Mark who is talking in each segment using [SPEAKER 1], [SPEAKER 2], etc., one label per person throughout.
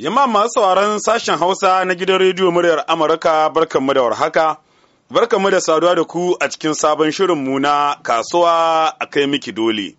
[SPEAKER 1] Yamma masu sauraron sashen Hausa na gidan rediyo muryar Amurka barkanmu da warhaka. Barkanmu da saduwa da ku a cikin sabon shirin mu na kasuwa a kai miki dole.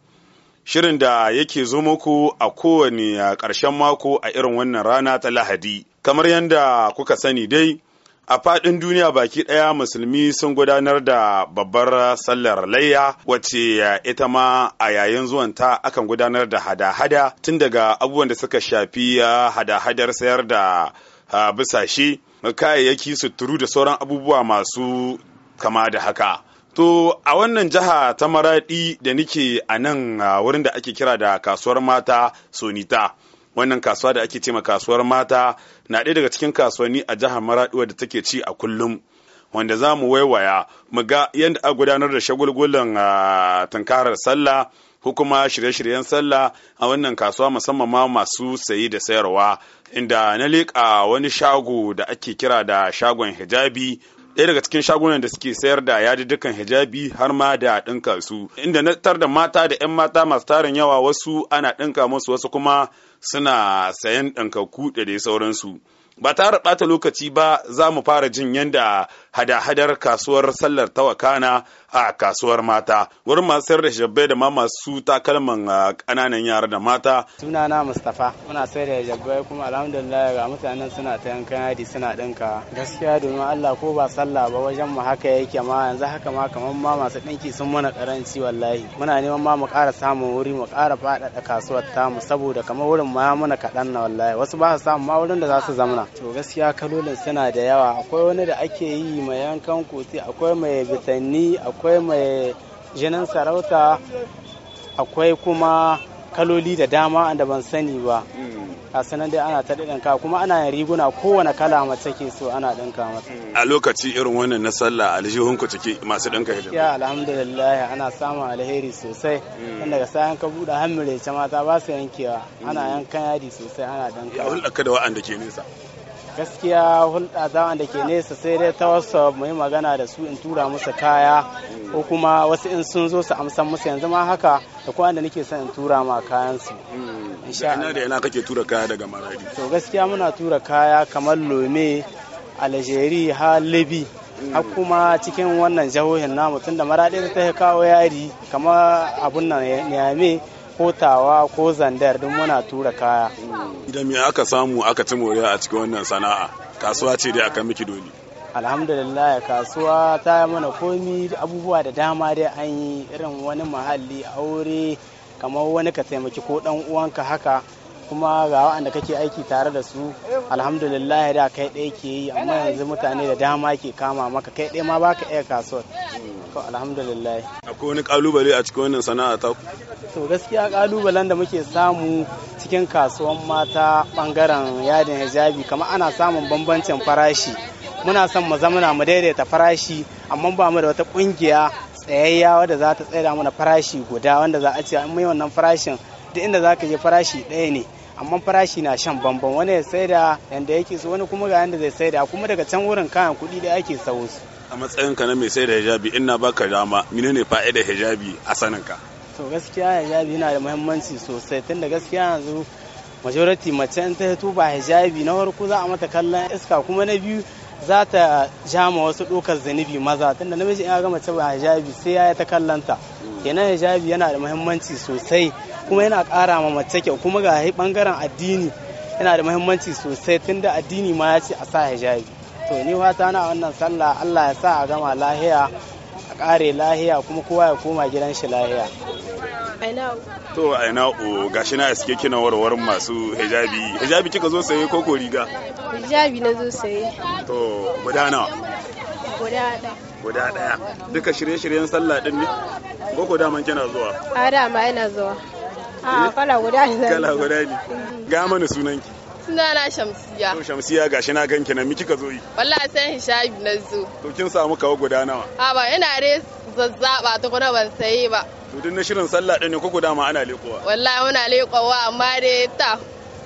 [SPEAKER 1] Shirin da yake zo muku a kowane ƙarshen mako a irin wannan rana ta Lahadi. Kamar yadda kuka sani dai, a faɗin duniya baki ɗaya musulmi sun gudanar da babbar sallar layya wacce eh, ita ma a yayin zuwanta akan gudanar da hada-hada tun daga abubuwan da suka shafi eh, hada-hadar sayar da eh, bisashe kayayyaki suturu da sauran abubuwa masu kama da haka To a wannan jiha ta maraɗi da nike a nan wurin da ake kira da kasuwar mata Sonita. wannan kasuwa da ake cema kasuwar mata na ɗaya daga cikin kasuwanni a jihar maraɗuwa da take ci a kullum wanda za mu waiwaya mu ga yadda a gudanar da shagulgulan ah, tunkarar sallah hukuma shirye-shiryen sallah a wannan kasuwa musamman ma masu sayi da sayarwa inda na leƙa wani shago da ake kira da shagon hijabi ɗaya daga cikin shagunan da suke sayar da yadiddukan hijabi har ma da ɗinka su inda na tar da mata da 'yan mata masu tarin yawa wasu ana ɗinka musu wasu kuma suna sayan ɗankakku da dai sauransu ba tare ɓata lokaci ba za mu fara jin yadda hada-hadar kasuwar sallar tawakana a kasuwar mata wurin masu sayar da shabbai da ma masu takalman ah, ƙananan yara da mata
[SPEAKER 2] sunana Mustapha. muna sayar da shabbai kuma alhamdulillah ga mutanen suna ta yanka yadi suna ɗinka. gaskiya domin Allah ko ba sallah ba wajen mu haka yake ma yanzu haka ma kamar ma masu dinki sun mana karanci wallahi muna neman ma mu ƙara samun wuri mu ƙara faɗaɗa kasuwar tamu saboda kamar wurin ma mana kaɗan na wallahi wasu ba su samu ma wurin da za su zamana to gaskiya kalolin suna da yawa akwai wani da ake yi mai yankan kuti akwai mai bitanni akwai mai jinin sarauta akwai kuma kaloli da dama da ban sani ba mm. a sanar da ana ta ɗinka kuma ana yin riguna kowane kala mace ke so ana ɗinka mata mm.
[SPEAKER 1] a lokaci irin wannan na sallah aljihun ku ciki masu ɗinka hijab
[SPEAKER 2] ya alhamdulillah ana samun alheri sosai dan mm. daga sayan ka buɗe hammure mata ba su yankewa ana yankan yadi sosai ana ɗinka ya hulɗa
[SPEAKER 1] da wa'anda ke nesa
[SPEAKER 2] gaskiya hulɗa zaman da ke nesa sai dai ta wasu mu yi magana da su in tura musu kaya ko kuma wasu in sun zo su amsan musu yanzu ma haka da kuma da nake son in tura ma kayan su
[SPEAKER 1] hmm. ina da ina kake tura kaya daga maradi
[SPEAKER 2] to gaskiya muna tura kaya kamar lome algeria har libi hmm. har kuma cikin wannan jihohin namu tunda maradi ta kawo yari kamar abun nan yame ko ko zandar duk muna tura kaya
[SPEAKER 1] idan me aka samu aka ci moriya a cikin wannan sana'a kasuwa ce dai aka miki doni
[SPEAKER 2] alhamdulillah kasuwa ta yi mana komi abubuwa da dama dai an yi irin wani mahalli aure kamar wani ka taimaki ko dan uwanka haka kuma ga waɗanda kake aiki tare da su alhamdulillah da kai ɗaya ke yi amma yanzu mutane da dama ke kama maka kai ɗaya ma baka iya kasuwar alhamdulillah akwai
[SPEAKER 1] wani kalubale a cikin wannan sana'a ta
[SPEAKER 2] to gaskiya kalubalen da muke samu cikin kasuwan mata bangaren yadin hijabi kamar ana samun bambancin farashi muna son mu zamana mu daidaita farashi amma ba mu da wata kungiya tsayayya wadda za ta tsaya mana farashi guda wanda za a ce an mai wannan farashin duk inda za ka je farashi ɗaya ne amma farashi na shan bambam wani ya saida yanda yake so wani kuma ga yanda zai saida kuma daga can wurin kayan kuɗi da ake sawo su a
[SPEAKER 1] matsayin ka na mai saida hijabi ina baka dama menene fa'idar hijabi a sanin ka
[SPEAKER 2] to gaskiya hijabi yana da muhimmanci sosai tunda gaskiya yanzu majority mace in ta hito ba hijabi na farko za a mata kallon iska kuma na biyu za ta jama wasu dokar zunubi maza tunda namiji in ya ga mace ba hijabi sai ya ta kallanta kenan hijabi yana da muhimmanci sosai kuma yana ƙara ma mace kyau kuma ga bangaren addini yana da muhimmanci sosai tunda addini ma ya ce a sa hijabi to ni fata na wannan sallah Allah ya sa a gama lahiya a ƙare lahiya kuma kowa ya koma gidan shi lahiya
[SPEAKER 1] to aina o gashi na iske kina warwar masu hijabi hijabi kika zo saye ko ko riga
[SPEAKER 3] hijabi na zo saye
[SPEAKER 1] to gudana gudana guda daya duka shirye-shiryen sallah din ne Ko ko daman kina zuwa
[SPEAKER 3] a dama
[SPEAKER 2] ina zuwa a eh? kala guda ne kala guda
[SPEAKER 1] ne ga mana
[SPEAKER 2] Suna na shamsiya to
[SPEAKER 1] shamsiya gashi na ganki nan miki ka zo yi
[SPEAKER 2] wallahi sai hishabi na zo
[SPEAKER 1] to kin samu kawo guda nawa
[SPEAKER 2] a ba ina re zazzaba to kuma ban sayi ba
[SPEAKER 1] to duk na shirin sallah din ne ko guda ma ana lekowa
[SPEAKER 2] wallahi muna lekowa amma dai ta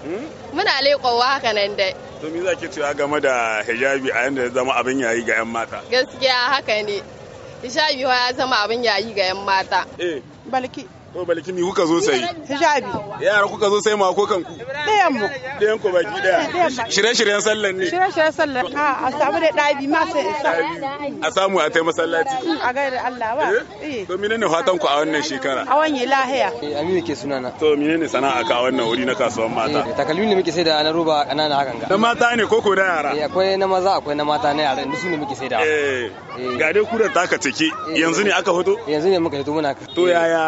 [SPEAKER 2] hmm? muna leƙowa haka nan dai
[SPEAKER 1] to me za ki cewa game da hijabi a yanda ya zama abin yayi ga 'yan mata
[SPEAKER 2] gaskiya haka ne hijabi ya zama abin yayi ga 'yan mata eh balki ko balki
[SPEAKER 1] mi kuka zo sai hijabi yara kuka zo sai ma ko kanku ɗayan mu ɗayan ku baki ɗaya shirye-shiryen sallan ne
[SPEAKER 3] shirye-shiryen sallan a a samu da ɗabi ma sai
[SPEAKER 1] a samu a taimaka sallati.
[SPEAKER 3] Mm, a gaida Allah ba
[SPEAKER 1] eh? Eh. to menene fatan ku a wannan shekara
[SPEAKER 3] a wani lahiya
[SPEAKER 1] eh, aminu ke sunana to menene sana'a ka a wannan wuri na kasuwar mata takalmi ne muke sai da na roba kanana hakan ga na mata ne ko ko da yara
[SPEAKER 3] akwai na maza akwai na mata na yara su ne muke
[SPEAKER 1] sai da ga dai kudar taka take yanzu ne aka fito yanzu ne muka fito muna to yaya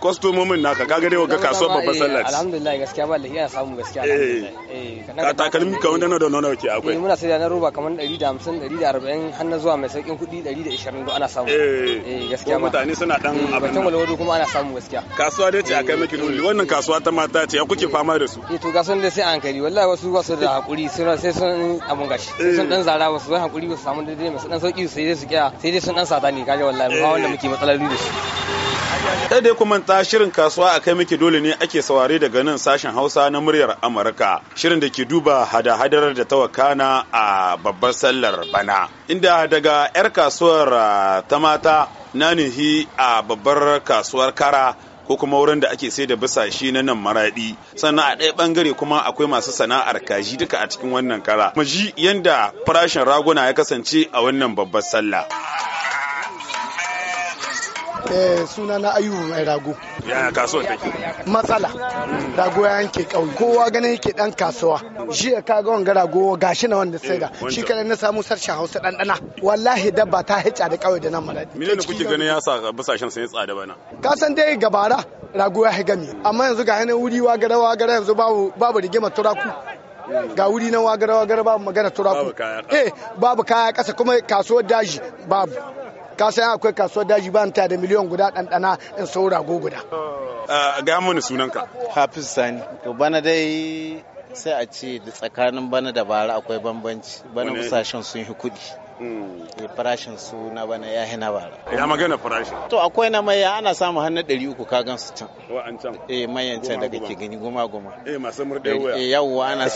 [SPEAKER 1] kwastomomin naka kaga dai wagga kasuwar babban eh, sallah
[SPEAKER 3] alhamdulillah gaskiya ba lafiya na samu gaskiya eh,
[SPEAKER 1] alhamdulillah eh takalmi ka wanda da nono ke akwai eh,
[SPEAKER 3] muna sai na roba kamar 150 140 har na zuwa mai saukin kudi 120 ana samu eh gaskiya mutane suna dan abin nan walwado kuma ana samu gaskiya
[SPEAKER 1] kasuwa dai ce akai miki nuni wannan kasuwa ta mata ce ya kuke fama da su
[SPEAKER 3] eh to ga dai sai an hankali wallahi wasu ba su da hakuri sun sai sun abun gashi sun dan zara wasu ba hakuri ba su samu daidai mai sun dan sauki sai dai su kiya sai dai sun dan sata ne kaje wallahi ba wanda muke
[SPEAKER 1] matsalar da su Kada dai kuma ta shirin kasuwa a kai miki dole ne ake saware daga nan sashen Hausa na muryar Amurka. Shirin da ke duba hada-hadar da tawakana a babbar sallar bana. Inda daga 'yar kasuwar ta mata na nuhi a babbar kasuwar kara ko kuma wurin da ake sai da bisashi na nan maraɗi sannan a ɗaya ɓangare kuma akwai masu sana'ar kaji duka a cikin wannan kara mu ji yanda farashin raguna ya kasance a wannan babbar sallah
[SPEAKER 3] Eh, suna na ayuba mai rago
[SPEAKER 1] yaya kasuwar take
[SPEAKER 3] matsala rago ya yanke kauye kowa ganin yake dan kasuwa jiya ka ga wanga rago gashi na wanda sai da eh, shi kana na samu sarshen hausa dandana wallahi dabba ta hica da kauye da nan maladi
[SPEAKER 1] mene ne kuke ganin ya sa basashen sun yi tsada bana
[SPEAKER 3] ka san dai gabara rago ya gami amma yanzu ga hana wuri wa gara wa gara yanzu babu babu rigima turaku ga wuri na wa gara wa gara babu magana turaku eh babu kaya kasa kuma kasuwar daji babu ka san akwai kasuwar daji ban ta da miliyan guda ɗanɗana in saura rago guda.
[SPEAKER 4] Ga mani sunanka. Hafiz Sani. To bana dai sai a ce da tsakanin bana da bara akwai bambanci bana musashen sun yi kuɗi. Mm. Eh, farashin su na bana ya hina bara ya magana farashi to akwai na mai ana samu har na 300 ka gan su can wa'ancan eh mayan can daga ke gani goma goma
[SPEAKER 1] eh masu murde waya eh
[SPEAKER 4] yawwa ana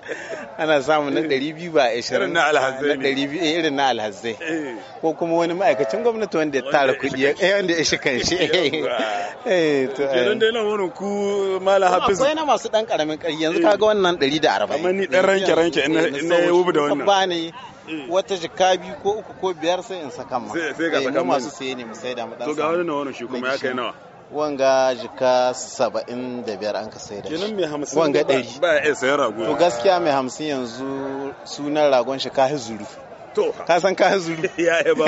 [SPEAKER 4] ana samu na 200 ba 20 irin na alhazzai na 200 eh irin na alhazzai eh. ko kuma wani ma'aikacin gwamnati wanda ya tara kuɗi eh wanda ya shika shi eh to eh dai nan wani ku mala hafiz akwai na masu dan karamin ƙari yanzu eh. kaga wannan 140 amma ni dan ranke ranke ina ina wubu da wannan ba ne Eh. wata jika biyu ko uku ko biyar sai in saka ma sai ga eh, saka masu saye ne mu sai da mu to ga wani nawa
[SPEAKER 1] shi kuma ya kai nawa
[SPEAKER 4] wanga jika saba'in da biyar an ka sai da shi wanga ɗari ba ya sayar rago to gaskiya mai hamsin yanzu sunan ragon shi kahi zuru to ka san ka zuru ya
[SPEAKER 1] ya ba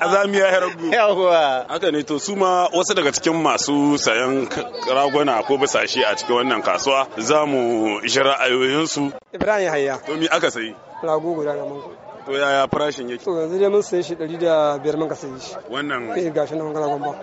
[SPEAKER 1] azami ya ragu yawa haka ne to su ma wasu daga cikin masu sayan raguna ko shi a cikin wannan kasuwa za mu ji su ibrahim hayya to mi aka sayi rago guda ga manko to yaya farashin yake to yanzu
[SPEAKER 3] dai mun sayi shi 105 mun ka sayi shi
[SPEAKER 1] wannan eh
[SPEAKER 3] gashi nan kana gomba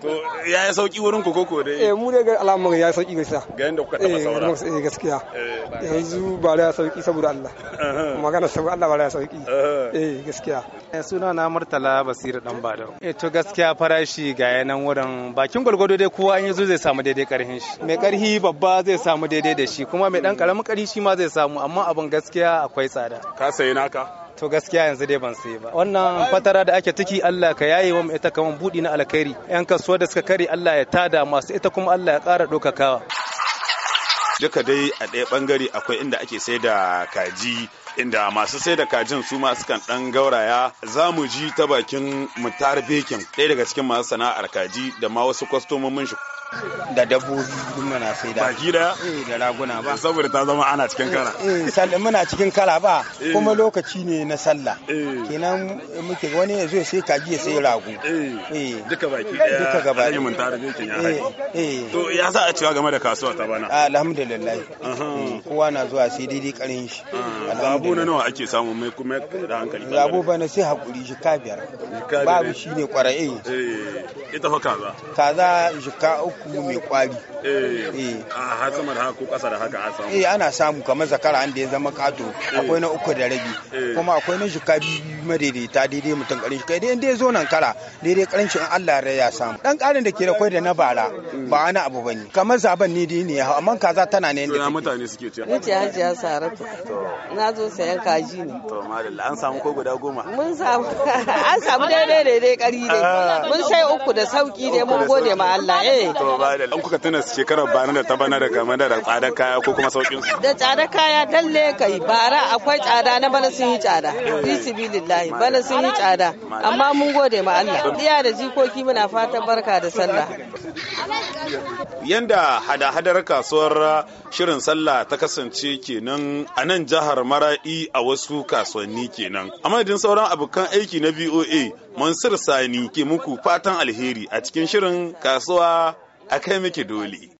[SPEAKER 1] To ya yi sauki wurin ku koko dai? Eh mu
[SPEAKER 3] dai alamun ya yi sauki gaskiya. Ga
[SPEAKER 1] yadda kuka taba saura. Eh, eh gaskiya. Eh,
[SPEAKER 3] Yanzu ba ya sauki saboda Allah. Uh-huh. Magana saboda Allah ba ya sauki. Uh-huh. Eh gaskiya.
[SPEAKER 4] Eh, suna na Murtala Basiru dan Badau.
[SPEAKER 3] Eh to gaskiya farashi ga yanan wurin bakin gwargwado dai kowa an yazo zai samu daidai karhin shi. Mai karhi babba zai samu daidai da shi kuma mai dan karamin karhi shi ma zai samu amma abin gaskiya akwai tsada. Ka sayi naka? to gaskiya yanzu dai ban sayi ba wannan fatara da ake ciki Allah ka yaye wa mu ita kaman budi na alkhairi yan kasuwa da suka kare
[SPEAKER 1] Allah ya tada masu ita kuma Allah ya ƙara ɗaukakawa duka dai a ɗaya ɓangare akwai inda ake sai da kaji inda masu sai da kajin su ma sukan dan gauraya za mu ji ta bakin mutar bekin ɗaya daga cikin masu sana'ar kaji da ma wasu kwastomomin shi da dabbobi duk muna sai da baki da eh, da raguna ba saboda ta zama ana cikin kara
[SPEAKER 3] eh, eh, sallah muna cikin kara ba kuma lokaci ne na sallah kenan muke wani ya zo sai kaji ya sai ragu
[SPEAKER 1] eh duka baki daya duka gaba ne mun tare jikin ya haɗe eh to ya za a cewa game da kasuwa ta bana alhamdulillah mm,
[SPEAKER 3] kowa na zuwa sai daidai karin shi
[SPEAKER 1] babu ah, na nawa ake samu mai kuma da hankali zabo
[SPEAKER 3] bana sai hakuri shi ka biyar babu shine kwarai
[SPEAKER 1] eh ita fa kaza kaza shi ka uku ku mai kwari eh, eh. a har da haka ko kasa da haka a samu eh
[SPEAKER 3] ana samu kamar zakara an da ya zama kato eh. akwai na uku da rabi eh. kuma akwai na shuka biyu madaidaita daidai mutum karin shi kai dai inda ya zo nan kara daidai karancin Allah ya samu dan karin da ke da kwai da na bara mm. ba ana abu bane kamar zaban ni dai ne amma kaza tana ne inda
[SPEAKER 1] mutane suke ce ni ce hajiya saratu na zo sayan kaji ne to madalla an samu ko guda goma
[SPEAKER 3] mun samu an samu daidai daidai kari ne ah. mun sai uku
[SPEAKER 1] da sauki ne mun gode ma Allah eh ba da an kuka tuna shekarar bana da ta bana da game da tsadar kaya ko kuma saukin su
[SPEAKER 3] da tsada kaya dalle kai bara akwai tsada na bana sun yi tsada bismillahi bana sun yi tsada amma mun gode ma Allah iya da jikoki muna fatan barka da sallah
[SPEAKER 1] yanda hada-hadar kasuwar shirin sallah ta kasance kenan a nan jihar maradi a wasu kasuwanni kenan a madadin sauran abokan aiki na BOA Mansur Sani ke muku fatan alheri a cikin shirin kasuwa a kai muke dole.